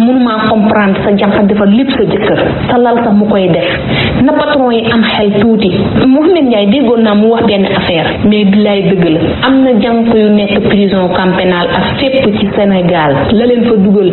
mënuma comprendre sa jankat defal lépp sa jëkkër sa lal sax mu koy def na patron yi am xel tuuti mohamed ndiaye déggoon naa mu wax benn affaire mais bilaay dëgg la am na jank yu nekk prison camp pénal ak fépp ci sénégal la leen fa dugal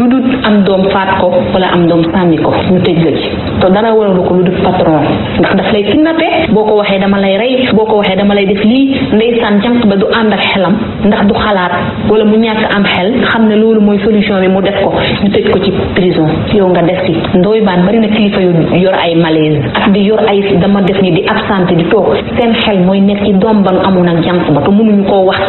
dudut am doom faat ko wala am doom sànni ko ñu tëj la ci te dara waralu ko lu def patron ndax daf lay kidnappé boo ko waxee dama lay rey boo ko waxee dama lay def lii ndeysaan jank ba du ànd ak xelam ndax du xalaat wala mu ñàkk am xel xam ne loolu mooy solution bi mu def ko ñu tëj ko ci prison yow nga des ci ndooy baan bari kilifa yu yor ay malaise ak di yor ay dama def ni di absente di toog seen xel mooy nekk doom ba amoon ak jant ba te mënuñu koo wax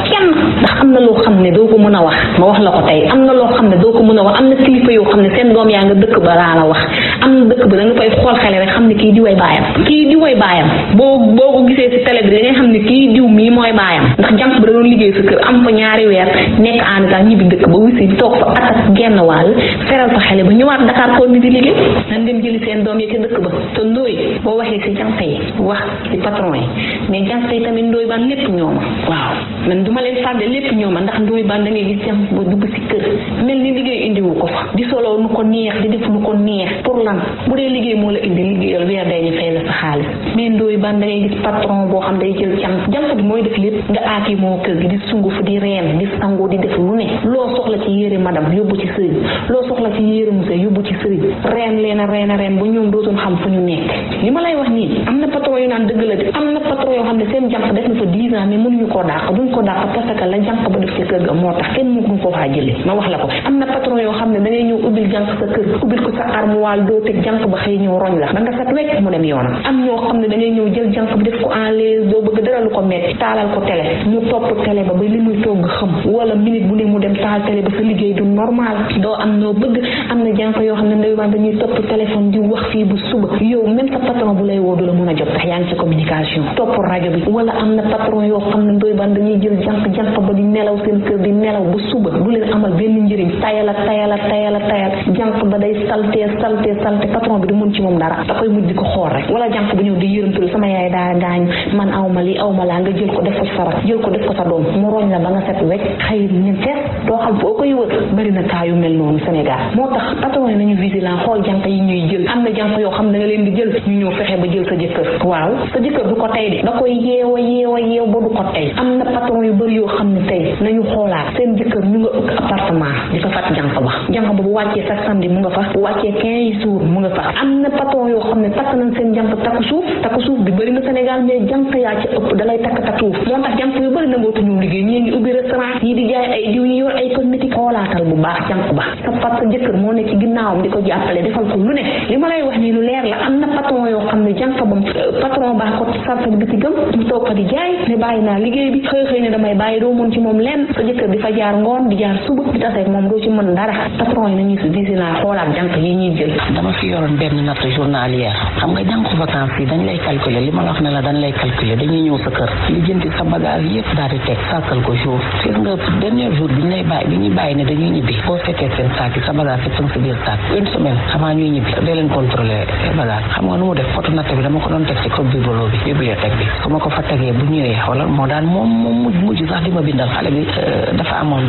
na loo xam ne doo ko mën a wax ma wax la ko tey am na loo xam ne doo ko mën a wax am na yoo xam ne seen doom yaa nga dëkk ba laa la wax am na dëkk ba da nga di way baayam kii ba da doon liggéey sa kër am fa ñaari weer nekk en état ñibbi dëkk ba wusi toog fa genn wal feral ko xale ba ñëwaat Dakar kon di ligue nan dem jël seen doom yi ci dëkk ba te ndoy bo waxe ci jànq wax ci patron yi mais jànq tamit ndoy ba lepp ñooma waaw man duma leen fàdde lépp ñooma ndax ndoy ba da ngay gis jànq bo dugg ci kër mel ni indi wu ko fa di solo nu ko neex di def nu ko neex pour lan bu dé ligue mo la indi liggéeyal wer day ñu fay la sa mais ndoy ba da ngay gis patron bo xam day jël jànq jànq bi moy def lepp nga aaki mo kër gi di sungu fu di reen di sangu di def lu ne lo soxla ci yéré madam yóbbu ci sëy loo soxla ci yéerum sëy yóbbu ci sëriñ reen leen a reen a reen ba ñoom dootuñ xam fu ñu nekk li ma lay wax nii am na patron yu naan dëgg la de am na patron yoo def ko dàq ko faa jëlee ma wax ko am na yoo xam ne da ngay ñëw ubbil jànq sa kër ubbil la da nga sat wecc mu dem yoonam am ñoo da ngay ñëw jël jànq ko en l'aise doo bëgg dara lu ko metti taalal ko télé mu topp télé ba ba li muy togg xam wala minute bu ne mu dem taal télé ba sa liggéey du normal doo am noo bëgg am na jànko yoo xam ne ndeywaan dañuy topp téléphone di wax fii bu suba yow même sa patron bu lay woo du la mën a jot ndax yaa ngi ci communication topp rajo bi wala am na patron yoo xam ne ndeywaan dañuy jël jànk jànk ba di nelaw seen kër di nelaw ba suba du leen amal benn njëriñ tayal ak tayal ak tayal ak tayal jànk ba day salté salté salté patron bi du mën ci moom dara da koy mujj di ko xool rek wala jànk bu ñëw di yërëmtul sama yaay daa gaañ man awma li awma laa nga jël ko def ko sa rak jël ko def ko sa doom mu roñ la ba nga set wecc xëy ñeenteel doo xam boo koy wër bari na kaa yu mel noonu sénégal motax tax patron nañu vigilant xol jant yi ñuy jël amna na jant yoo xam na nga leen di jël ñu ñëw fexé ba jël sa jëkkër waaw sa jëkkër du ko tay de da koy yéwa yeewa yeew ba du ko tay amna patron yu bari yo xam ne tay nañu xolaat seen jëkkër ñu nga ëkk appartement di ko fat jànq ba jànq ba bu wacce sax samedi mu nga fa bu wàccee quinze jours mu nga fa amna patron yo xam ne tak nañ seen jànq tak suuf tak suuf bi bari na sénégal mais jànq ya ci ëpp dalay tak tak suuf motax moo yu bari na bëri nangootu ñu liggéey ñi ñi ubbi restaurant ñii di jaay ay diw ñi yor ay cosmétique xolaatal bu baax jànq ba sa pat sa jëkkër moo ne ci ginnaawam di ko jàppale defal ko lu ne li ma lay wax nii lu leer la am na patron yoo xam ne jànq bam euh, patron baa ko sarfak bitigam mu toog fa di jaay ne bàyyi naa liggéey bi moom lenn sa jaar ngoon di jaar suba di taseeg ci mën dara patron yi nañu si disi naa xoolaat jànq yi ñuy jël dama fi yoroon benn natt xam nga jànq vacances yi dañ lay calculer li ma la wax ne la dañ lay calculer dañuy ñëw sa kër li jënti sa bagage yëpp daal di teg sàkkal ko jour gis nga dernier jour bi ñu lay bàyyi bi ñuy bàyyi ne dañuy ñibbi fekkee seen saak sa bagage yëpp sanga sa bi dama ko doon teg ci ko bibeloo bi bibliothèque bu moo daan moom moom mujj mujj sax di ma bindal xale bi euh, dafa amoon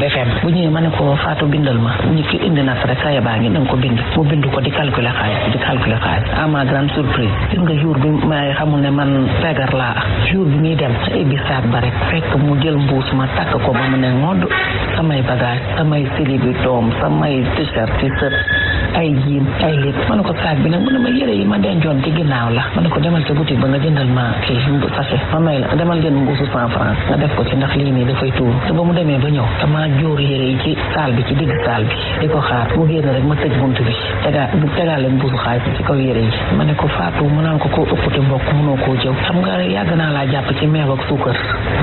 ma ne ko Fatou bindal ma ñi ki indi natt rek xaye baa ngi ko bind mu bind ko di calculer xaalis ma grande surprise gis nga jour bi may xamul ne man fegar laa jour bi muy dem sa ibbi saak ba rek fekk mu jël mbuus ma takk ko ba mu ne ngodd ทำไมประดาทำไมสิริบุตรมทำไมติชัที่ชัด ay jiin ay lépp ma ne ko saag bi nag mu ne ma yére yi ma dencoon ci ginnaaw la ma ne ko demal ca boutique ba nga jëndal ma kii sachet ko ci ndax lii nii dafay tuuru te ba mu demee ba ñëw dama jóor yére yi bi ci digg saal bi di ko xaar mu génn rek ma tëj bunt bi tegaa tegaale mbuusu xaalis bi ci kaw yére yi ma ne ko Fatou mu naan ko koo ëpp te mbokk mënoo koo jëw xam nga yàgg naa laa jàpp ci meew ak suukar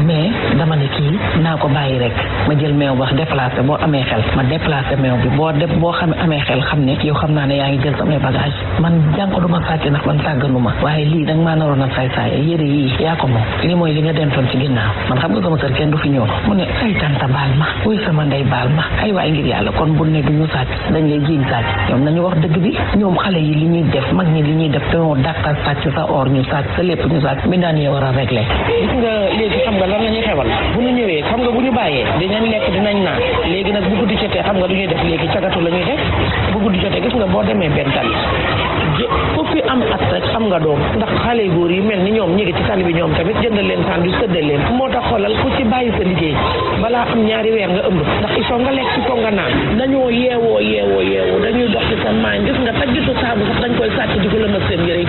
mais dama ne kii naa ko bàyyi rek ma jël meew wax déplacé boo amee xel ma déplacé meew bi boo def boo xam amee xel xam ne nekk yow xam naa ne yaa ngi jël samay bagage man jànko duma sàcc nag man sàgganu ma waaye lii danga maa naroon a saay saay yére yii yaa ko moom lii mooy li nga dentoon ci ginnaaw man xam nga sama kër kenn du fi ñëw mu ne ay tanta baal ma wuy sama ndey baal ma ay waay ngir yàlla kon bu ne ñu sàcc dañ lay jiiñ sàcc ñoom nañu wax dëgg bi ñoom xale yi li ñuy def mag ñi li ñuy def dañoo dàqal sàcc sa or ñu sàcc sa lépp ñu sàcc mi daan yee war a réglé gis nga xam nga lan xewal bu ñu ñëwee xam nga bu ñu bàyyee dinañ lekk dinañ naan léegi nag bu guddi jotee xam nga du ñuy def léegi cagatu la ñuy def bu guddi jotee gis nga boo demee benn tali ku fi am at rek am nga doom ndax xale góor yi mel ni ñoom ñi ngi ci tali bi ñoom tamit jënd leen saan yu sëddal leen moo tax xoolal ku ci bàyyi sa liggéey balaa am ñaari weer nga ëmb ndax il faut nga lekk il faut nga naan dañoo yeewoo yeewoo yeewoo dañuy dox ci sa maañ gis nga tajjitu saabu sax dañ koy sàcc di ko lëmal seen yére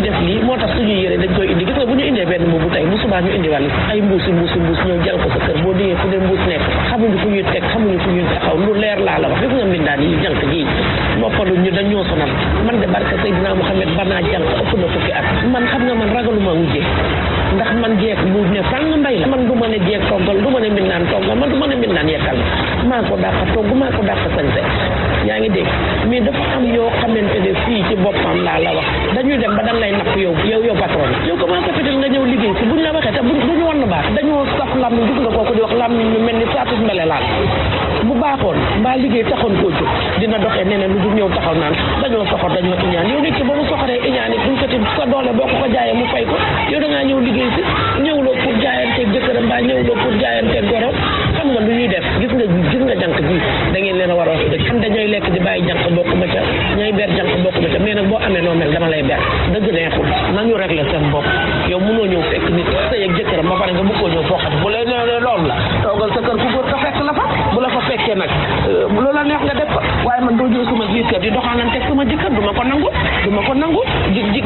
indi moo tax suñuy yére dañ koy indi gis nga bu ñu indee benn mbubu tey bu subaa ñu indi wàlli ay mbuusi mbuusi mbuus ñëw jal ko sa kër boo diyee fu dee mbuus nekk xamuñu fu ñu teg xamuñu fu ñu taxaw lu leer laa la wax gis nga mbindaan yi jant yi noppalu ñu dañoo sonal man de barke Seydina Mouhamed banaa jant ëpp na fukki at man xam nga man ragaluma wujje ndax man jeeg bu ne fàng mbay la man du ma ne jeeg toggal du ma ne mbindaan toggal man du ma ne mbindaan yekkal maa ko dàqa togg maa ko dàqa sañse ñaa ngi dégg mais dafa am yoo xamante ne fii ci boppam laa la wax dañuy dem ba dañ lay napp yow yow yow patron yow commencé fetal nga ñëw liggéey si buñ la waxee te buñu won baax dañoo saf làmmiñ gis nga mel ni saatus mbele laal bu baaxoon mbaa liggéey taxoon koo dina doxee neneen lu dul ñëw taxaw naan dañoo soxor dañoo iñaan yow nit ki ba mu soxoree iñaan it duñ ko sa doole boo ko ko jaayee mu fay ko yow da ngaa ñëw liggéey si ñëwuloo pour jaayanteeg jëkkëram mbaa ñëwuloo pour jaayanteeg goro nga kan e, lu ñuy def gis nga gis nga jank bi da ngeen leen a war a wax dëgg xam lekk di bàyyi jank bokk ma ca ñay ber jank bokk ma ca mais nag boo amee noo mel dama lay ber dëgg neexul nañu régler seen bopp yow mënoo ñëw fekk nit sëy ak jëkkëram ba pare nga bëggoo ñëw foo xam bu lay nee loolu la toogal sa kër ku góor ka fekk la fa bu la fa fekkee nag lu la neex nga def waaye man doo jël sama biir di doxaanan teg sama jëkkër duma ko nangu duma ko nangu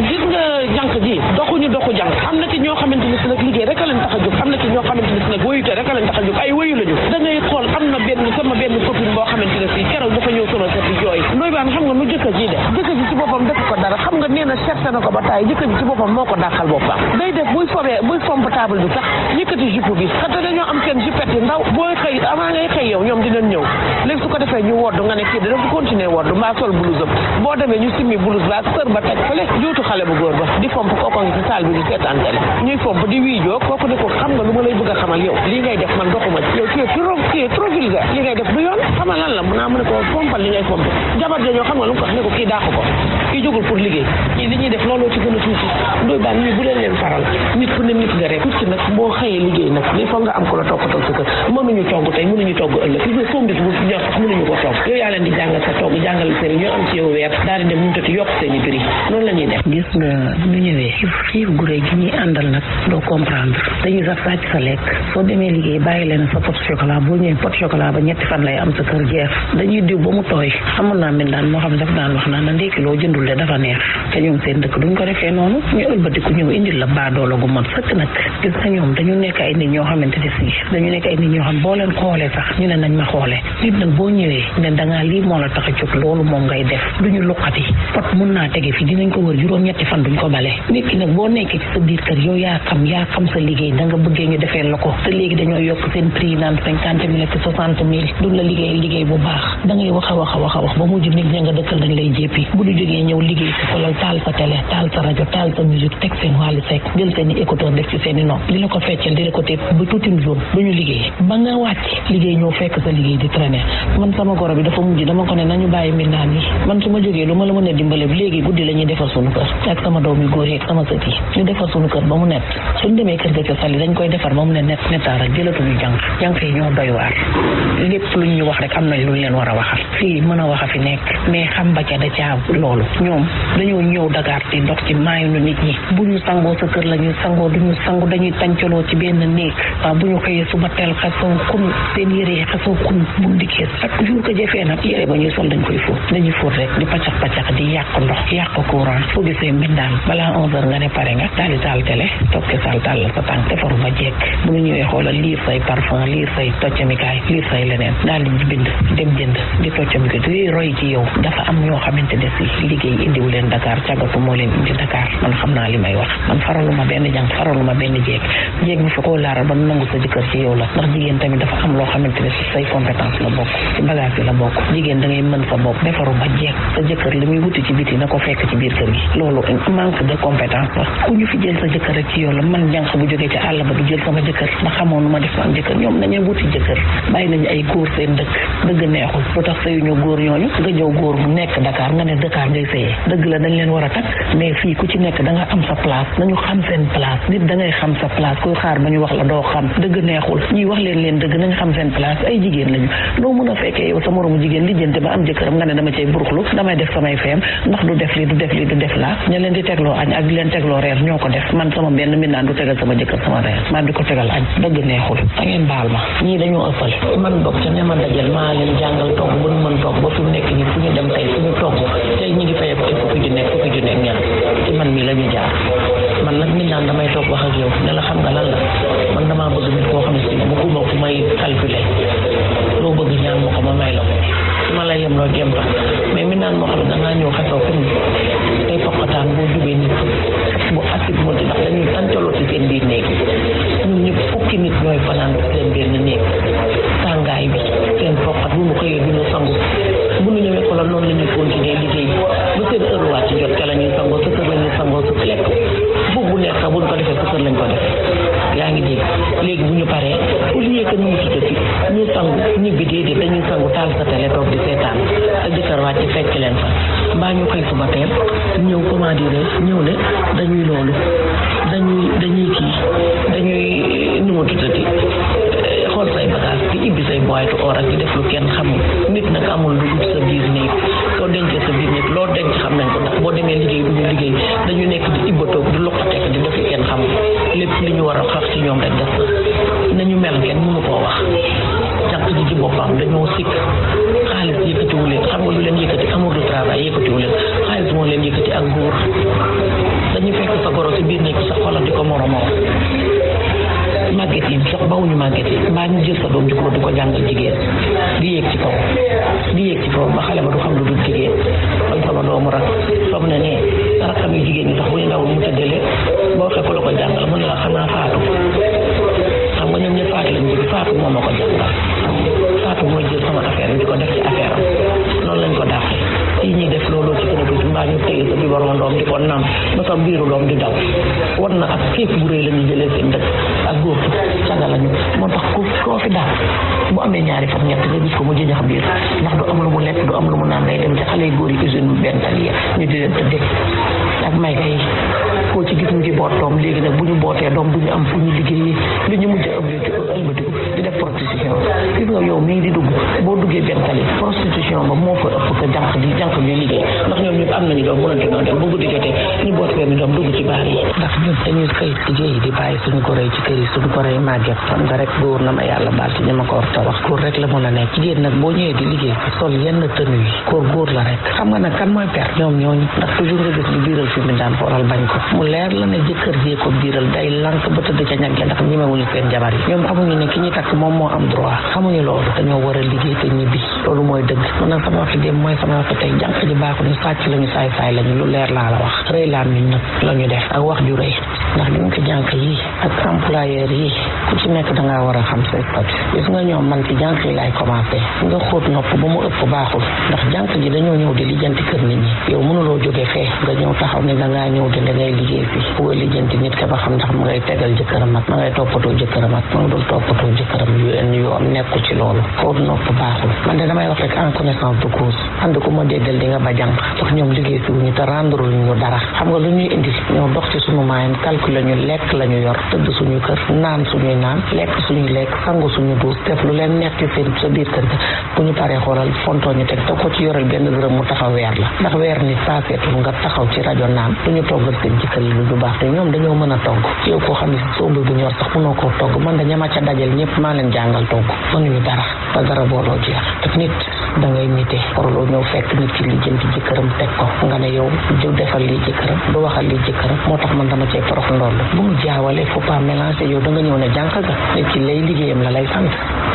gis nga jank ji doxuñu doxu jank am na ci ñoo xamante ni si nag liggéey rek a tax a jóg am na ci ñoo xamante ni si nag rek a tax a jóg ay lañu da ngay xool am na benn sama benn copine boo xamante ne si keroog dafa ñëw sama maanaam xam nga nu jëkkër ji def jëkkër ji ci boppam def ko dara xam ndaw booy xëy avant ngay xëy yow ñoom dinañ ñëw léegi su ko defee ñu wodd nga ne kii da dafa continuer wodd mbaa sol blouse am demee ñu simmi blouse ba sër ba teg fële juutu xale bu góor ba di fomp kooku ngi ci bi di seetaan télé ñuy fomp di wiijoo kooku ne ko xam nga lu ma lay bëgg a xamal yow lii ngay def man doxuma yow tu es trop tu es trop vulgaire li ngay def du yoon xamal la mu naa mu ne ko fompal li ngay ñoo xam nga lu mu ko wax ne ko kii dàq ko kii jógul pour liggéey li ñuy def bu leen leen faral nit ku ne nit nga rek nit ki boo xëyee liggéey nag il faut nga am ko togg tey mënuñu togg ko togg yow yaa leen di jàngal sa togg jàngal seen ñoo am ci yow weer daal di dem mënu tati yokk seen i prix noonu la ñuy def gis nga ñu ñëwee xiif xiif gu gi ñuy àndal nag doo comprendre dañuy sax sàcc sa lekk soo demee liggéey bàyyi leen sa pot chocolat boo ñëwee pot chocolat ba ñetti fan lay am sa kër jeex dañuy diw ba mu tooy amoon naa daan moo xam ne dafa daan wax naan na ndékki loo dafa neex te ñoom seen dëkk duñ ko defee noonu ñu ëlbatiku ñëw indil la baadoola gu mot sëkk nag gis nga ñoom dañu nekk ay nit ñoo xamante ne boo leen xoolee sax ñu ne nañ ma xoolee nit nag boo ñëwee ne dangaa lii moo la tax a loolu moom ngay def duñu luqati pot mun naa tege fi dinañ ko wër juróom-ñetti fan duñ ko bale nit nag boo nekkee ci sa biir kër yow yaa xam yaa xam sa liggéey da nga bëggee ñu defee a a wax a nit ña nga dëkkal gitu. dañ lay jéppi bu ñu jógee ñëw liggéey sa xolal taal sa télé taal sa rajo taal sa musique teg seen wàllu sek jël seen i écouteur def ci seen i nopp li la ko di la ko tépp ba tuutim jour du ñu liggéey ba nga wàcc liggéey ñëw fekk sa liggéey di man sama goro dafa mujj dama ko ne nañu bàyyi mbindaan yi man su ma jógee lu ma la mën a dimbale ya. léegi guddi la ñuy defar kër ak sama doom yu góor yeeg sama sët yi ñu defar kër ba mu net suñ demee kër ga ca sali dañ koy defar ba mu ne net netara. ak jëlatuñu jàng jàng fii ñoo doy waar lépp luñ ñu wax rek am na lu leen war a waxal fii mën a waxa fi nekk mais xam ba ca da caa loolu ñoom dañoo ñëw dagaar di ndox ci maayuñu nit ñi bu ñu sangoo sa kër la ñuy sangoo du ñu sangu dañuy tancaloo ci benn néeg waaw bu ñu xëyee su ma teel xasoo kun seen yére yi xasoo kun bu dikkee chaque jour ko jëfee nag yére ba ñuy sol dañ koy fóot dañuy fóot rek di paccax paccax di yàq ndox yàq courant foo gisee mbindaan balaa onze heures nga ne pare nga daal di taal télé toog ci saal taal la sa tànk defaru ba jekk bu ñu ñëwee xoolal liir say parfum liir say toccamikaay liir say leneen daal di bind dem jënd di toccamikaay di roy ci yow dafa am yoo xamante ne si liggéey indiwu leen Dakar càggatu moo leen indi Dakar man xam naa li may wax man faraluma benn jàng faraluma benn jéeg jéeg bu fa koo laaral ba nangu sa jëkkër ci yow la ndax jigéen tamit dafa am loo xamante ne si say compétence bokk ci bagage bi la bokk jigéen da ngay mën sa bopp defaru ba jeeg sa jëkkër li muy wuti ci biti na ko fekk ci biir kër gi loolu manque de compétence la ku ñu fi jël sa ci yow la man jànq bu jógee ci àll ba du jël sama jëkkër ndax xamoon nu ma def sama jëkkër ñoom nañu wuti jëkkër bàyyi nañu ay góor seen dëkk dëgg neexul lu tax sayuñu góor ñooñu nga góor bu nekk Dakar nga ne Dakar ngay sëye dëgg la dañ leen war a takk mais fii ku ci nekk da nga am sa place nañu xam seen place nit da ngay xam sa place kuy xaar ba ñu wax la doo xam dëgg neexul ñuy wax leen leen dëgg nañ xam seen place ay jigéen lañu doo mën a fekkee yow sa moromu jigéen lijjante ba am jëkkëram nga ne dama cay buruxlu damay def samay feem ndax du def li du def li du def laa ña leen di tegloo añ ak di leen tegloo reer ñoo ko def man sama benn mi naan du tegal sama jëkkër sama reer man di ko tegal añ dëgg neexul da ngeen baal ma ñii dañoo ëppal man bokk ca ne ma dajal maa leen jàngal toog bu mën toog ba fi nekk ni fu ñu dem tey fu ñu togg tey ñu ngi fayee ko ay fukki junne fukki junne ak ñaar ci man mi la ñu jaar man nag nit naan damay toog wax ak yow ne la xam nga lan la man damaa bëgg nit koo xam ne si bëgguma ku may calculer loo bëgg ñaan moo ko ma may la ma la yem loo jéem la mais mi naan moo xam ne da ngaa ñëw xasoo ko ni tey foqataan boo jubee nit bu asib moo ci ndax dañuy tàncaloo ci seen biir néeg ñun ñëpp fukki nit ñooy fanaan seen biir néeg tàngaay bi seen foqat bu ñu xëyee duñu sangu bu ñu ñëwee ko la noonu la ñuy continuer liggéey ba seen heure wàcc jot ca la ñuy sangoo sa kër la ñuy sangoo su lekk boobu bu neex sax bu ñu ko defee sa ko def yaa ngi dégg léegi bu ñu paree au lieu que ñu tuddati ñu sangu ñibbi déedéet dañuy sangu taal sa télé toog di seetaan sa jëkkër wàcc fekk leen fa mbaa ñu koy suba teel ñëw comment ñëw ne dañuy loolu dañuy dañuy kii dañuy nu mu tuddati xool say bagage di ibbi say boîte or ak di def lu kenn xamul nit nag amul lu dul sa biir néeg soo dencee loo denc xam nañ ko ndax boo demee liggéey du ñu liggéey dañu nekk di ibbatoog di loqateek di def lu kenn xamul lépp li ñu war a xax ci ñoom rek def nañu mel kenn mënu koo wax jànq ji ci boppam dañoo sikk xaalis yëkkatiwu leen xam nga lu leen yëkkati lu du travail yëkkatiwu leen xaalis moo leen yëkkati ak góor dañu fekk sa goro si biir néeg sa xoolal di ko moromoo màgget yi sax bawuñu màgget yi mbaa ñu jël sa doom ju góor di ko jàngal jigéen di yéeg ci kaw di yéeg ci kaw ba xale ba du xam lu dul jigéen man sama doomu rak fam na ne jigéen ñi sax bu ñu ndawul mu ko jàngal mu ne xam naa faatu xam nga ñoom ñëpp faatu lañ jóge ko jàngal faatu moo jël sama affaire bi di ko def ci affaire am lañ ko dàqee yi ñuy def loolu ci a tuuti mbaa ñu tëye sa biberon doom di ko naan di daw war na ak képp bu rëy la ñu jëlee seen dëkk ak góor caga lañu moo tax ku koo fi daal bu amee ñaari fan ñett nga gis ko mu jëñax biir ndax du am lu mu lekk du am lu mu naan lay dem ci xale góor yi usine bu benn tali ñu di leen tëddee ak may kay koo ci gis mu ngi boot doom léegi nag bu ñu bootee doom du ñu am fu ñu liggéeyee li ñu mujj prostitution gis nga yow di dugg boo duggee benn tali ba moo fa ëpp que jànq di jànq ñuy liggéey ndax ñoom ñëpp am yi ndax ñun di bàyyi suñu goro yi ci kër yi suñu goro yi màgget xam nga ma yàlla baal ko war wax góor rek la mën a nekk jigéen nag boo ñëwee di liggéey sol yenn tenue yi góor góor la rek xam nga nag kan mooy perte ñoom ñooñu ndax toujours nga gis ñu biiral fi mu daan foral bañ ko mu leer la ne jëkkër jee ko biiral day lank ba tëdd ca ñagge ndax ñemewuñu seen jabar yi ñoom xamuñu ne ki ñuy takk moom moo am droit xamuñu loolu dañoo war a liggéey te ñibbi loolu mooy dëgg mën nag sama waxi dem mooy sama waxi tey jànq ji baaxu ñu sàcc lañu saay saay lañu lu leer laa la wax rëy laa miñ nag lañu def ak wax ju rëy ndax ñu ko jànq yi ak employeur yi ku ci nekk dangaa war a xam say statut gis nga ñoom man ci jànq yi laay commencé nga xóot nopp ba mu ëpp baaxul ndax jànq ji dañoo ñëw di lijjanti kër nit ñi yow mënuloo jóge fee nga ñëw taxaw ne dangaa ñëw di dangay liggéey fi bu nga lijjanti nit ka ba xam ndax ma ngay tegal jëkkëram ak ma ngay toppatoo jëkkëram ak ma nga dul yoon nekku ci loolu foofu nopp baaxul man de damay wax en connaissance de cause ànd ko ma déggal di nga ba jàng wax ñoom liggéey si wuñu te rendre ñu dara xam nga lu ñuy indi ñoo dox ci suñu maayam calcul lañu lekk lañu yor tëdd suñu kër naan suñuy naan lekk suñuy lekk sangu suñu duus def lu leen nekk ci seen sa biir kër ga bu ñu paree xoolal fontoo teg te ko ci yoral benn dërëm mu taxaw weer la ndax weer ni paaseetul nga taxaw ci rajo naan lu ñu toggal seen jëkkër yi lu ñu baax te ñoom dañoo a togg yow koo xam togg mënuñu dara ba dara booloo jeex daf nit da ngay mité warloo ñëw fekk nit ki li jëm ci jëkkëram teg ko nga ne yow du defal li jëkkëram du waxal li jëkkëram moo tax man dama cee porof ndoll bu mu jaawale faut pas mélanger yow da nga ñëw ne jànq ga ki lay liggéeyam la lay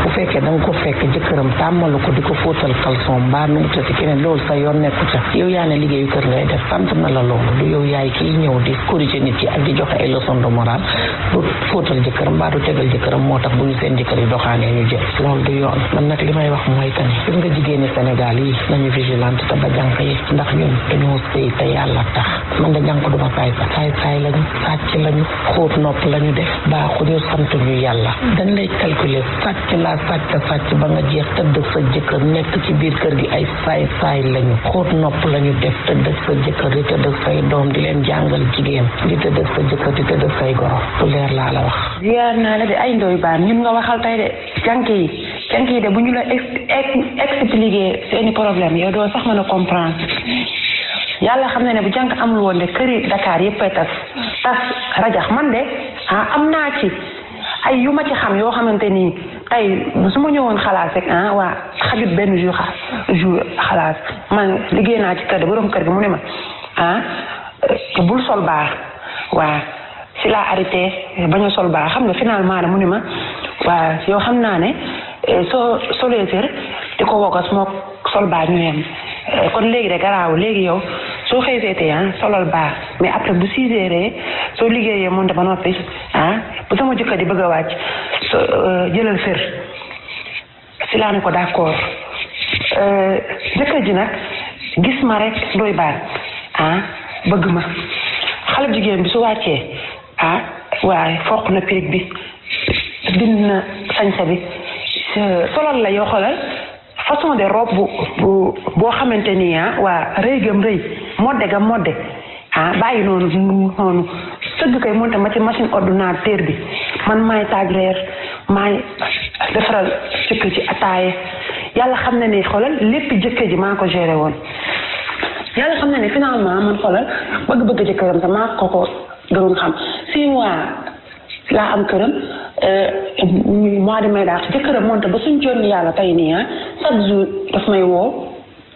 bu fekkee da nga ko jëkkëram tàmmalu ko di ko fóotal kalson mbaa nu mu tëdd keneen loolu sa yoon nekku ca yow yaa ne liggéeyu kër ngay def sant na la loolu yow yaay kiy ñëw di corriger nit ki ak di joxe ay leçon de morale du fóotal jëkkëram mbaa du tegal jëkkëram moo tax bu ñu seen jëkkër yi doxaanee ñu jël loolu du yoon man nag li may wax mooy tani nga jigéen jigéeni Sénégal yi nañu vigilante te ba jànq yi ndax ñun dañoo sëy te yàlla tax man da jànq duma saay sax lañu sàcc lañu nopp lañu def baaxuñu sant ñu yàlla dañ lay calculer sàcc laa sàcc sàcc ba nga jeex tëdd sa jëkkër nekk ci biir kër gi ay saay saay lañu xóot nopp lañu def tëdd sa jëkkër di tëdd say doom di leen jàngal jigéen di tëdd sa jëkkër di tëdd say goro bu leer laa la wax ziyaar naa la de ay ndoy baan ñun nga waxal tey de jànq yi cant de bu ñu la expliquer seeni problème yow doo sax mën a comprendre yàlla xam na ne bu jànk amul woon de këri dakaar yépp ay tas tas rajax man de ah, am naa ci ay yu ma ci xam yoo xamante nii tey su ma ñëwoon xalaas rek ah waa xajut benn jour jour xalaas man liggéey naa ci kër de borom kër gi mu ne ma ah bul sol baax waa si laa arrêté bañ sol baax xam nga finalement mu ne ma waa yow xam naa ne soo solee sër di ko wogas moo sol baa ñu yem kon léegi de garaaw léegi yow soo xëy seetee ah solal eh, baa mais après bu six soo liggéeyee moom ba noppi ah bu sama jëkkër di bëgg a wàcc jëlal sër si laa ne ko d'accord eh, jëkkër ji nag gis ma rek doy baat ah, bëgg ma xale jigéen bi su wàccee ah waaye foq na pirig bi dindi na sañsa bi solal la yoo xoolal façon de robe boo xamante ni ah waa rëy gam rëy modde gam modde ah bàyyi noonu noonu sëgg koy monte ma ci machine ordinateur bi man may taaj reer maay defaral jëkkër ataaye yàlla xam na ne xoolal lépp jëkkër ji maa ko géré woon yàlla xam na ne finalement man xoolal bëgg-bëgg jëkkëram sax maa ko ko xam si laa am këram euh, mois de mai daal jëkkëram moonte ba suñ jonni yàlla tey nii ah chaque jour daf may woo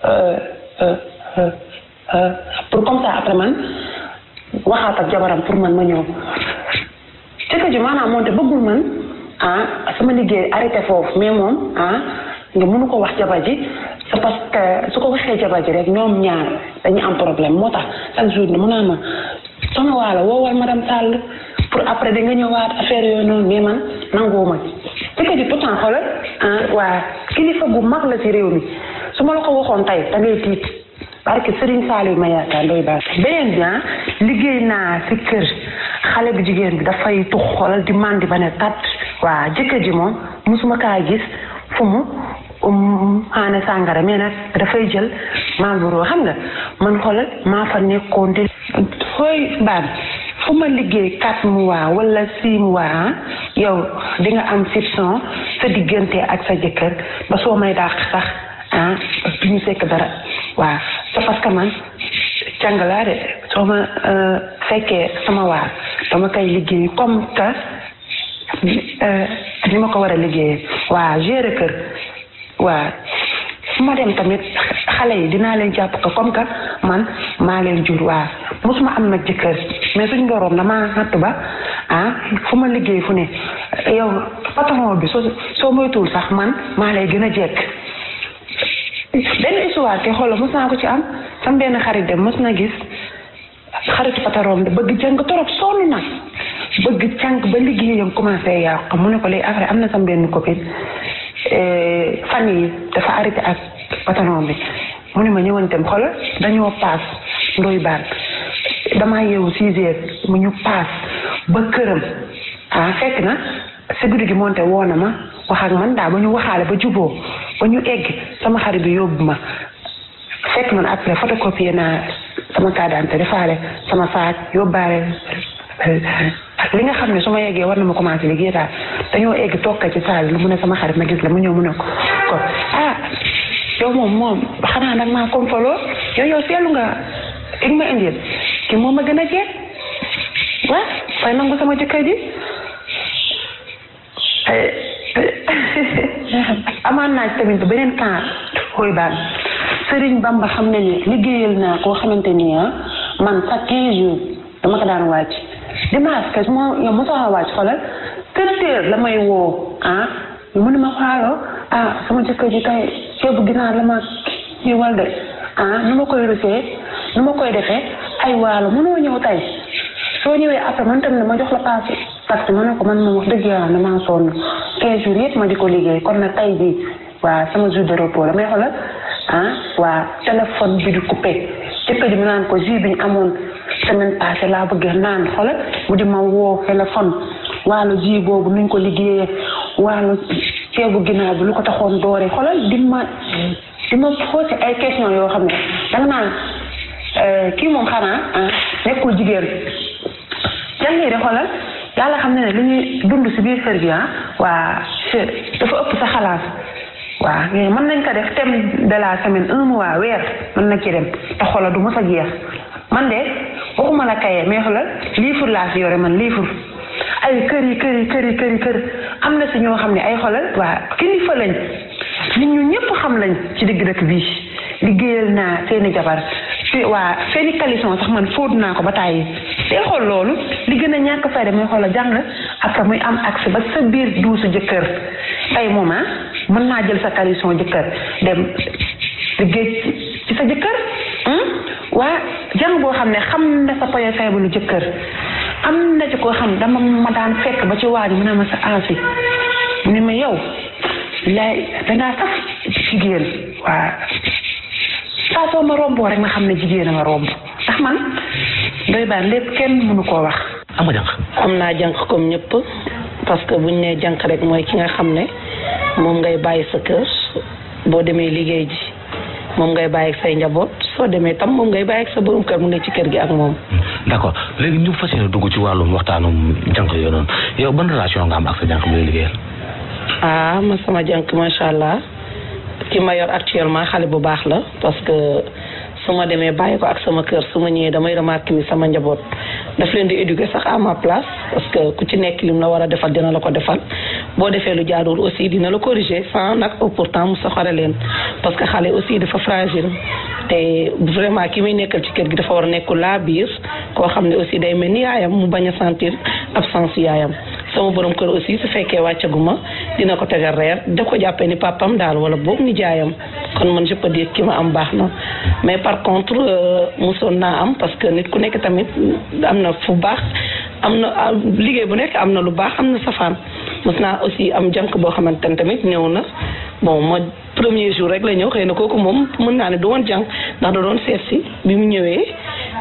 euh, euh, pour comme ça après man waxaat ak jabaram pour man ma ñëw jëkkër ji maanaam moonte bëggul man ah sama liggéey arrêté foofu mais moom ah nga mënu ko wax jabar ji c'est parce su ko waxee jabar ji rek ñoom ñaar dañu am problème moo tax chaque jour mën naa ma sama waa la woowal madame Sall pour après da nga ñëwaat affaire yooyu noonu mais man nanguwuma ci que di pourtant ah, waa kilifa gu mag la ci réew mi su ma ko waxoon tey da ngay tiit parce que Serigne Saliou ma yaakaar ndoy baax bi ah liggéey naa si xale bu jigéen bi dafay tux xoolal di mandi ba ne jëkkër ji moom musuma kaa gis fu mu um, xaane sàngara mais nag dafay jël Marlboro xam nga man xoolal maa fa nekkoon fooy baan fu ma liggéey quatre mois wala six mois yow dinga am friction sa diggante ak sa jëkkër ba soo may dàq sax ah duñu sekk dara waaw c'est parce man càng soo ma euh, fekkee sama waar dama kay liggéey comme que euh, ni ma ko war a liggéeyee waaw gérer kër waaw fu ma dem tamit xale yi dinaa leen jàpp ko comme que man maa leen jur waaw mosuma am na jëkkër mais suñ boroom damaa natt ba ah fu ma liggéey fu ne yow patron bi soo soo moytuwul sax man maa lay gën a jekk benn histoire te xoolal mos naa ko ci am sam benn xarit dem mos na gis xaritu patron bi bëgg jàng torop sonn na bëgg cànk ba liggéeyam commencé yàq mu ne ko léegi après am na sam benn copine eh, fan yi dafa arrêté ak patron bi mu ne ma ñëwoon itam xoolal dañoo paas ndoy baan damaa yeewu six heures mu ñu paas ba këram ah fekk na sécurité gi moonte woo na ma man daal ba ñu waxaale ba juboo ba ñu egg sama xarit bi yóbbu ma fekk man après photocopier naa sama carte d'identité defaale sama saak yóbbaale li nga xam ne su ma yeggee war na ma commencé liggéey daal dañoo egg toog ci saal lu mu ne sama xarit ma gis la mu ñëw mu ne ko ah yow moom moom xanaa nag maa kom faloo yow yow seetlu ma indil ki moom a gën a jeex waa waaye nangu sama jëkkër ji amaan naa tamit beneen temps xooy baan Sëriñ Bamba xam ne ni liggéeyal naa koo xamante ni ah man chaque quinze jours dama ko daan wàcc dimanche kese moo yow mu soxla wàcc xoolal tërtër la may woo ah mu ne ma xaaloo ah sama jëkkër ji tey ceebu ginaar la ma ñëwal de ah nu ma koy rusee nu ma koy defee ay waalo mënoo ñëw tey soo ñëwee après man tamit ma jox la paas parce ma ne ko man moom dëgg yàlla damaa sonn 15 ma di ko liggéey kon nag tey jii waa sama jour de repos la may xoolal ah waa téléphone bi du coupé jëkkër ji mu naan ko jus amoon semaine passée laa bëggee naan xoolal bu di ma woo téléphone waalo jus boobu nuñ ko liggéeyee waalo ceebu ginnaaw bi lu ko taxoon doore xoolal di ma di ma posé ay question yoo xam ne danga naan euh, kii moom xanaa ah, nekkul jigéen yan nii de yàlla xam ne ne li dund ci biir kër ah, waa dafa ëpp sa xalaat waa mën nañ ko def thème de la semaine un mois weer mën na ci dem te xoolal du mos a jeex man de waxuma la kaye mais la livre laa fi yore man livre ay kër yi kër yi kër yi kër yi kër am na si ñoo xam ne ay xolal waa kilifa lañ nit ñu ñëpp xam lañ ci digg dëkk bii liggéeyal naa seeni jabar te waa seeni caleçon sax man fóot naa ko ba tàyyi te xool loolu li gën a ñàkk fayda mooy xoola jàng ak muy am accès ba sa biir duusu jëkkër tey moom ah, mën naa jël sa caleçon jëkkër dem liggéey ci sa jëkkër hmm? waa jàng boo xam ne xam na sa poye faible jëkkër am na ci koo xam dama ma daan fekk ba ci waaj mu ne ma sa ansi mu ma yow lay dangaa saf jigéen waa saa soo romboo rek ma xam ne jigéen a ma romb ndax man doy baan lépp kenn mënu koo wax am nga jànq am naa jànq koom ñëpp parce que buñ nee jànq rek mooy ki nga xam ne moom ngay bàyyi sa kër boo demee liggéey ji moom ngay bàyyi ak say njaboot soo demee tam moom ngay bàyyi ak sa borom kër mu ne ci kër gi ak moom. Hmm. d'accord léegi ñu fas yéene dugg ci wàllum waxtaanum jànk yooyu noonu yow ban relation nga am ak sa jànk bi liggéeyal. ah ma sama jànk macha allah ki ma yor actuellement xale bu baax la parce que su ma demee bàyyi ko ak sama kër su ma ñëwee damay remarque ni sama njaboot daf leen di éduquer sax am ma place parce que ku ci nekk lim la war a defal dina la ko defal boo defee lu jaaduwul aussi dina la corriger sans nag pourtant mu soxore leen parce que xale aussi dafa fragile te vraiment ki muy nekkal ci kër gi dafa war a nekku laa biir koo xam ne aussi day mel ni yaayam mu bañ a sentir absence yaayam sama borom kër aussi su fekkee wàccaguma dina ko tegal reer da ko jàppee ni papam daal wala boog ni jaayam kon man je peux dire ki ma am baax na mais par contre euh, mosoon naa am parce que nit ku nekk tamit am na fu baax am na ah, liggéey bu nekk am na lu baax am na safaan mos naa aussi am jànk boo xamante tamit ñëw bon ma premier jour rek la ñëw xëy na kooku moom mën naa ne du woon jànk ndax da doon seet si bi mu ñëwee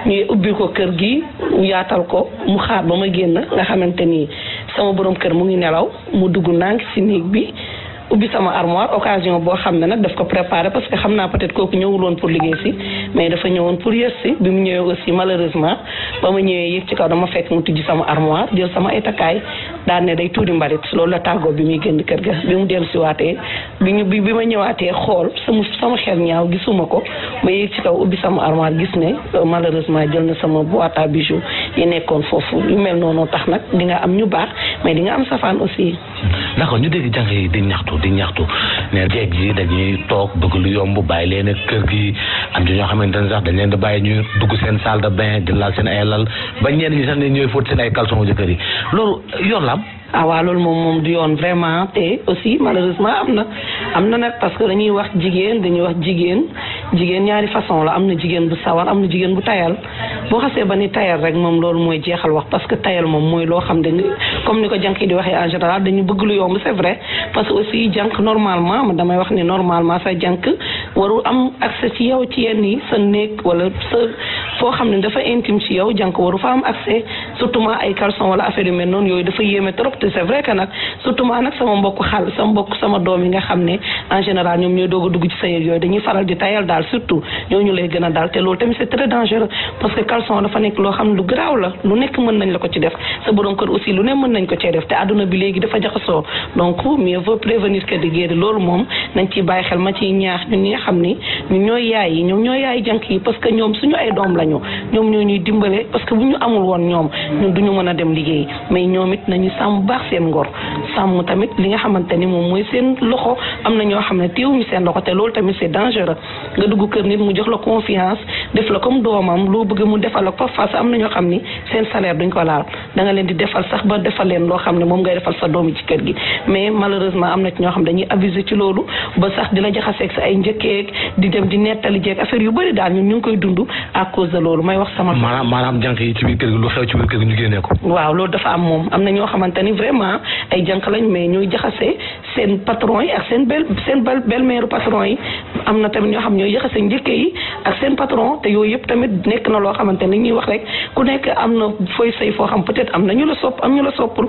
ñu ubbi ko kër gi yaatal ko mu xaar ba ma génn nga xamante sama borom kër mu ngi nelaw mu dugg ndànk si néeg bi ubbi sama armoire occasion boo xam ne nag daf ko préparé parce que xam naa peut-être kooku ñëwul woon pour liggéey si mais dafa ñëwoon pour yës bi mu ñëwee aussi malheureusement ba ma ñëwee yëg ci kaw dama fekk mu tijji sama armoire jël sama ay daan ne day tuuri mbalit loolu la tàggoo bi muy génn kër ga bi mu dellu si waatee bi ñu bi bi ma ñëwaatee xool sama sama xel ñaaw gisuma ko ma yéeg ci kaw ubbi sama armoire gis ne euh, malheureusement jël na sama boîte à bijoux yi nekkoon foofu yu mel noonu tax nag di nga am ñu baax mais di nga am safaan aussi. d'accord ñu dégg jàng di ñaxtu di ñaxtu partenaire jeeg ji dañuy toog bëgg lu yomb bàyyi leen kër gi am ci ñoo xamante ne sax dañ leen di bàyyi ñu dugg seen salle de bain di laal seen ay lal ba ñenn ñi sax ne ñooy fóot seen ay caleçon jëkkër yi loolu yoon la am ah waaw moom moom du yoon vraiment te aussi malheureusement am na am na nag parce que dañuy wax jigéen dañuy wax jigéen jigéen ñaari façon la am na jigéen bu sawar am na jigéen bu tayal boo xasee ba ni tayal rek moom loolu mooy jeexal wax parce que teyal moom mooy loo xam dañu comme ni ko jànq yi di waxee en général dañu bëgg lu yomb c'est vrai parce que aussi jànq normalement ma damay wax ni normalement sa jànq warul am accès ci yow ci yenn yi sa néeg wala sa foo xam ne dafa intime ci yow jànq waru fa am accès surtout ay caleçon wala affaire yu mel noonu yooyu dafa yéeme trop te c'est vrai que nag surtout nag sama mbokk xal sama mbokk sama doom yi nga xam ne en général ñoom ñooy doog a dugg ci sa yëg yooyu dañuy faral di tayal daal surtout ñooñu lay gën a daal te loolu tamit c'est très dangereux parce que caleçon dafa nekk loo xam lu garaaw la lu nekk mën nañ la ko ci def sa borom kër aussi lu ne mën nañ ko cee def te àdduna bi léegi dafa jaxasoo donc mieux vaut prévenir que de guérir loolu moom nañ ciy bàyyi xel ma ciy ñaax ñi nga xam ni ñun ñooy yaay yi ñoom ñooy yaay jank yi parce que ñoom suñu ay doom lañu ñoom ñoo ñuy dimbale parce que bu ñu amul woon ñoom ñun duñu mën a dem liggéey mais ñoom it nañu sàmm bu baax seen ngor sàmm tamit li nga xamante ni moom mooy seen loxo am na ñoo xam ne téewuñu seen loxo te loolu tamit c'est dangereux nga dugg kër nit mu jox la confiance def la comme doomam loo bëgg mu defal la par force am na ñoo xam ni seen salaire ko laal da nga leen di defal sax ba defal leen loo xam ne moom ngay defal sa doomi ci kër gi mais malheureusement am na ci ñoo xam dañuy aviser ci loolu ba sax di la jaxaseeg yu bëri daal ñun ñu ngi koy dund à cause yi ci biir kër gi lu xew ci biir kër gi ñu génnee ko. waaw loolu dafa am moom am na ñoo xamante vraiment ay jànq lañ mais ñooy jaxase seen patron yi ak seen bel seen belle patron yi am na ñoo xam ñooy jaxase njëkk yi ak seen patron te yooyu yëpp tamit nekk na loo xamante ni ñuy wax rek ku nekk am na fooy say foo xam peut-être am na ñu la ñu la soppul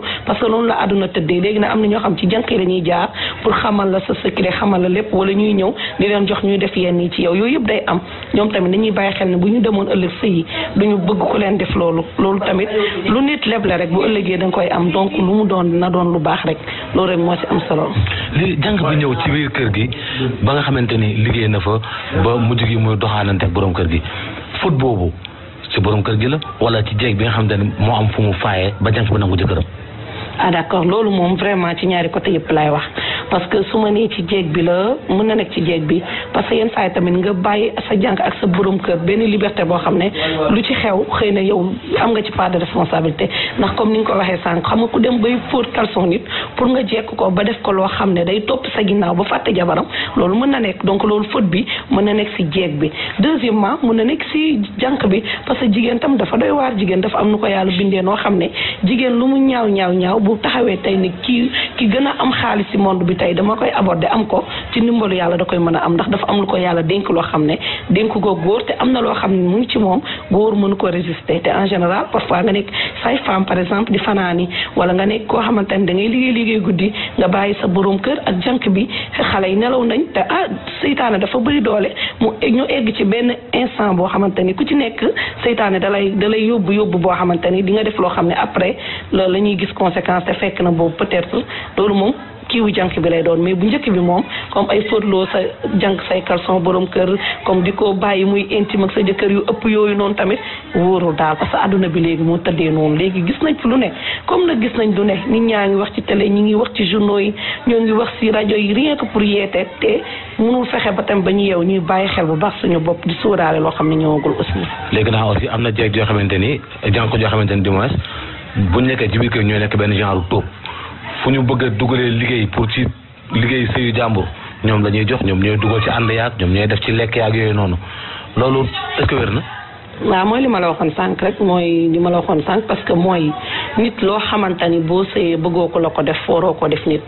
bàyyi xel ne bu ñu demoon ëllëg sëy yi duñu bëgg ku leen def loolu loolu tamit lu nit leble rek bu ëllëgee da koy am donc lu mu doon na doon lu baax rek loolu rek moo ci am solo. li jàng bi ñëw ci biir kër gi ba nga xamante ni liggéey na fa ba mujj gi muy doxaanante ak borom kër gi fóot boobu ci borom kër gi la wala ci jeeg bi nga xamante ni moo am fu mu faayee ba jàng bi nangu jëkkëram. ah d'accord loolu moom vraiment ci ñaari côté yëpp laay wax parce que su ma nee ci jéeg bi la mën na nekk ci jéeg bi parce que yenn saa yi tamit nga bàyyi sa jànk ak sa borom kër benn liberté boo xam ne lu ci xew xëy na yow am nga ci part de responsabilité ndax comme ni nga ko waxee sànq xam nga ko dem bay fóot caleçon nit pour nga jekk ko ba def ko loo xam ne day topp sa ginnaaw ba fàtte jabaram loolu mën na nekk donc loolu faute bi mën na nekk si jéeg bi deuxièmement mën na nekk si jànk bi parce que jigéen tam dafa doy waar jigéen dafa am nu ko yàlla bindee noo xam ne jigéen lu mu ñaaw ñaaw ñaaw bu taxawee tey ne ki ki a am xaalis si monde tey dama koy aborder am ko ci ndimbalu yàlla da koy mën a am ndax dafa am lu ko yàlla dénk loo xam ne dénk ko góor te am na loo xam ne mu ngi ci moom góor mënu ko résister te en général parfois nga nekk say femme par exemple di fanaani wala nga nekk koo xamante ne da liggéey liggéey guddi nga bàyyi sa borom kër ak jànk bi xale yi nelaw nañ te ah seytaane dafa bëri doole mu ñu egg ci benn instant boo xamante ni ku ci nekk seytaane dalay dalay yóbbu yóbbu boo xamante ni di nga def loo xam ne après loolu la ñuy gis conséquence fekk na boobu peut-être loolu moom ciw jànq bi lay doon mais bu njëkk bi moom comme ay fóotloo sa jànq say caleçon borom kër comme di ko bàyyi muy intime ak sa jëkkër yu ëpp yooyu noonu tamit wóorul daal parce que àdduna bi léegi moo tëddee noonu léegi gis nañ fi lu ne comme nag gis nañ lu ne nit ñaa ngi wax ci télé ñi ngi wax ci journaux yi ñoo ngi wax si rajo yi rien que pour yeete te mënul fexe ba tamit ba ñu yeew ñuy bàyyi xel bu baax suñu bopp di sóoraale loo xam ne ñëwagul aussi léegi naa aussi am na jeeg joo xamante ni jànq joo xamante ni du moins buñ nekkee ci benn genre tóob fu ñu bëgg a dugalee liggéey pour ci liggéey sëyu jàmbur ñoom lañuy jox ñoom ñooy dugal ci ànd yaag ñoom ñooy def ci lekk yaag yooyu noonu loolu est na. waaw mooy li ma la waxoon sànq rek mooy li ma la waxoon sànq parce que mooy nit loo xamante ni boo sëyee bëggoo ko la ko def fooroo ko def nit.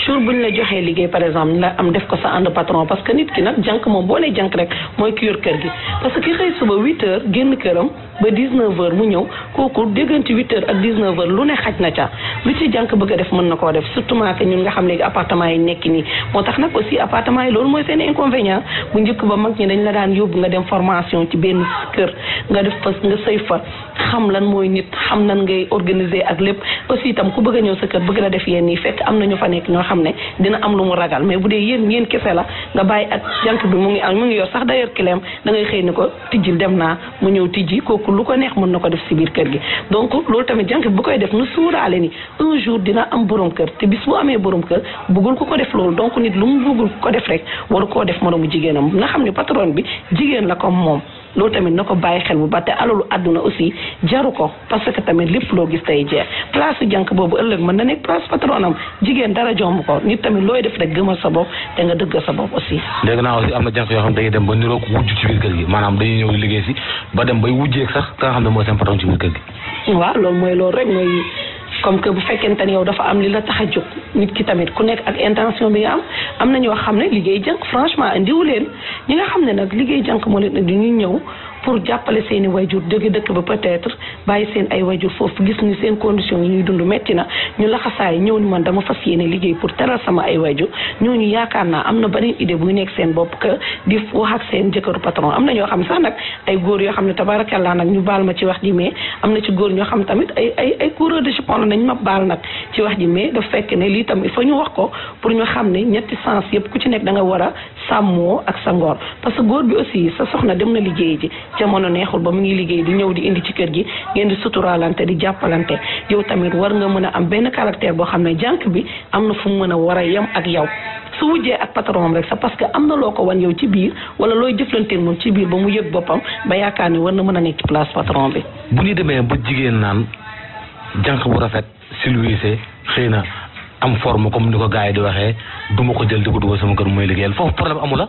jour bu ñu la joxee liggéey par exemple na am def ko sa ànd patron parce que nit ki nag jànk moom boo nee jànk rek mooy ki yor kër gi parce que ki xëy suba génn këram ba 19 mu ñëw kooku déggante 8 ak 19 lu ne xaj na ca lu ci jànk bëgg def mën na koo def surtout que ñun nga xam léegi appartement yi nekk nii moo tax nag aussi appartement yi loolu mooy seen inconvénient bu njëkk ba mag ñi dañ la daan yóbbu nga dem formation ci benn nga def fa nga sëy fa xam lan mooy nit xam nan ngay organiser ak lépp aussi itam ku bëgg a ñëw sa kër bëgg la def yéen nii fekk am na ñu fa nekk ñoo xam ne dina am lu mu ragal mais bu dee yéen yéen kese la nga bàyyi ak jant bi mu ngi mu ngi yor sax d'ailleurs kileem da ngay xëy ni ko tijjil dem naa mu ñëw tijji kooku lu ko neex mën na ko def si biir kër gi donc loolu tamit jànq bu koy def nu suuraale ni un jour dina am borom te bis bu amee borom kër bëggul ko ko def loolu donc nit lu mu bëggul ko def rek waru koo def moroomu jigéenam na xam ne patron bi jigéen la comme moom loolu tamit na ko bàyyi xel bu ba te alalu àdduna aussi jaru ko parce que tamit lépp loo gis tey jeex place jànk boobu ëllëg mën na nekk place patronam jigéen dara jomb ko nit tamit looy def rek gëmal sa te nga dëgg sa aussi léegi naa aussi am na jànk yoo xam dañuy dem ba niroog wujj ci biir kër gi maanaam dañuy ñëw liggéey si ba dem bay wujjeeg sax ka xam ne mooy seen patron ci biir kër gi waaw loolu mooy loolu rek mooy comme que bu fekkente ne yow dafa am li la tax a jóg nit ki tamit ku nekk ak intention bi am am na ñoo xam ne liggéey jànk franchement indiwu leen ñi nga xam ne nag liggéey jànk moo leen indi ñu ñëw pour jàppale seen i wayjur jóge dëkk ba peut-être bàyyi seen ay wayjur foofu gis ni seen condition yi ñuy dund metti na ñu laxasaay ñëw ni man dama fas yéene liggéey pour teral sama ay wayjur ñooñu yaakaar naa am na beneen idée bu nekk seen bopp que di wax ak seen jëkkëru patron am na ñoo xam sax nag ay góor yoo xam ne laa nag ñu baal ma ci wax ji mais am na ci góor ñoo xam tamit ay ay ay coureur de jupon nañ ma baal nag ci wax ji mais daf fekk ne lii tam il ñu wax ko pour ñu xam ne ñetti sens yëpp ku ci nekk da nga war a sàmmoo ak que góor bi aussi sa soxna dem na liggéey ji jamono neexul ba mu ngi liggéey di ñëw di indi ci kër gi ngeen di suturaalante di jàppalante yow tamit war nga mën a am benn caractère boo xam ne jànk bi am na fu mu mën a war a yem ak yow su wujjee ak patron rek sa parce que am na loo ko wan yow ci biir wala looy jëflanteen moom ci biir ba mu yëg boppam ba yaakaar ne war na mën a nekk ci place patron bi bu ñu demee ba jigéen naan jànq bu rafet si silwiise xëy na am forme comme ni ko gars yi di waxee du ma ko jël di ko dugal sama kër muy liggéeyal foofu problème amu la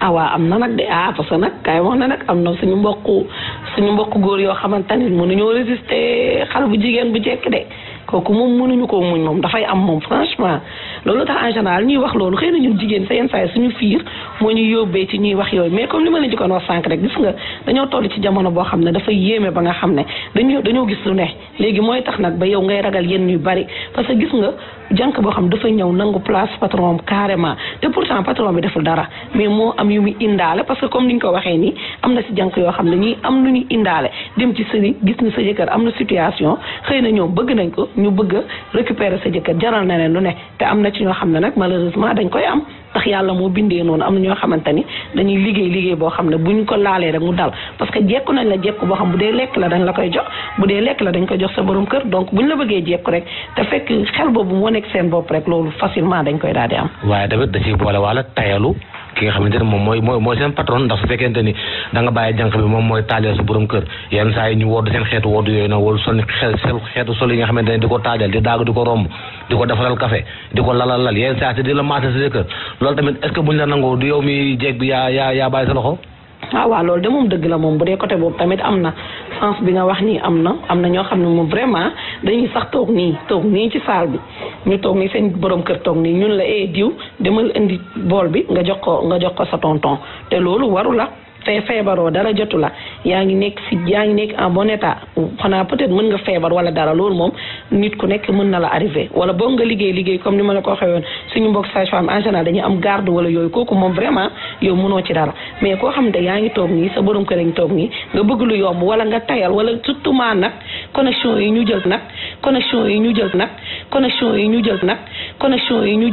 awaa am na nag de ah parce que nag kay wax na nag am na suñu mbokku suñu mbokku góor yoo xamante ni mënuñoo résister xal bu jigéen bu jekk de kooku moom mënuñu koo muñ moom dafay am moom franchement loolu tax en général ñuy wax loolu xëy na ñun jigéen sa yenn saa suñu fiir moo ñu yóbbee ci ñuy wax yooyu mais comme li ma leen jëkkoon wax sànq rek gis nga dañoo toll ci jamono boo xam ne dafa yéeme ba nga xam ne dañoo dañoo gis lu ne léegi mooy tax nag ba yow ngay ragal yenn yu bari parce que gis nga jànk boo xam dafa ñëw nangu place patron carrément te pourtant patron bi deful dara mais moo am yu muy indaale parce que comme ni ñu ko waxee nii am na ci jànk yoo xam ne ñuy am lu ñuy indaale dem ci sëriñ gis ni sa jëkkër am na situation xëy na ñoom bëgg nañ ko ñu bëgg a récupérer sa jëkkër na leen lu ne te am na ci ñoo xam ne nag malheureusement dañ koy am tax yàlla moo bindee noonu am na ñoo xamante ni dañuy liggéey liggéey boo xam ne bu ñu ko laalee rek mu dal parce que jekku nañ la jekku boo xam bu dee lekk la dañ la koy jox bu dee lekk la dañ koy jox sa borom kër donc buñ la bëggee jekku rek te fekk xel boobu moo nekk seen bopp rek loolu facilement dañ koy daal di am. waaye tamit da ciy boole wala tayalu ki nga xamante ne moom mooy mooy seen patron ndax su fekkente ni da nga bàyyi bi moom mooy taaleel sa borom kër yenn saa yi ñu woodu seen xeetu woodu yooyu nag wala sol seen xeetu sol yi nga xamante ne di ko taajal di daagu di ko romb di ko defaral café di ko lalal lal yenn saa yi di la maase sa kër loolu tamit est buñ la nangoo du yow mi jeeg bi yaa yaa yaa bàyyi sa loxo ah waaw loolu de moom dëgg la moom bu dee côté boobu tamit am na sens bi nga wax nii am na am na ñoo xam ne moom vraiment dañuy sax toog nii toog nii ci saal bi ñu toog nii seen boroom kër toog nii ñun la ee eh, diw demal indi bool bi nga jox ko nga jox ko sa tonton te loolu waru la fee feebaroo dara jotu la yaa ngi nekk si yaa ngi nekk en bon état xanaa peut-être mën nga feebar wala dara loolu moom nit ku nekk mën na la arrivé wala boo nga liggéey liggéey comme ni ma la ko waxee suñu mbokk sage-femme en général dañuy am garde wala yooyu kooku moom vraiment yow mënoo ci dara mais koo xam ne yaa ngi toog nii sa borom kër lañ toog nii nga bëgg lu yomb wala nga tayal wala surtout nag connexion yi ñu jël nag connexion yi ñu jël nag connexion yi ñu jël nag connexion yi ñu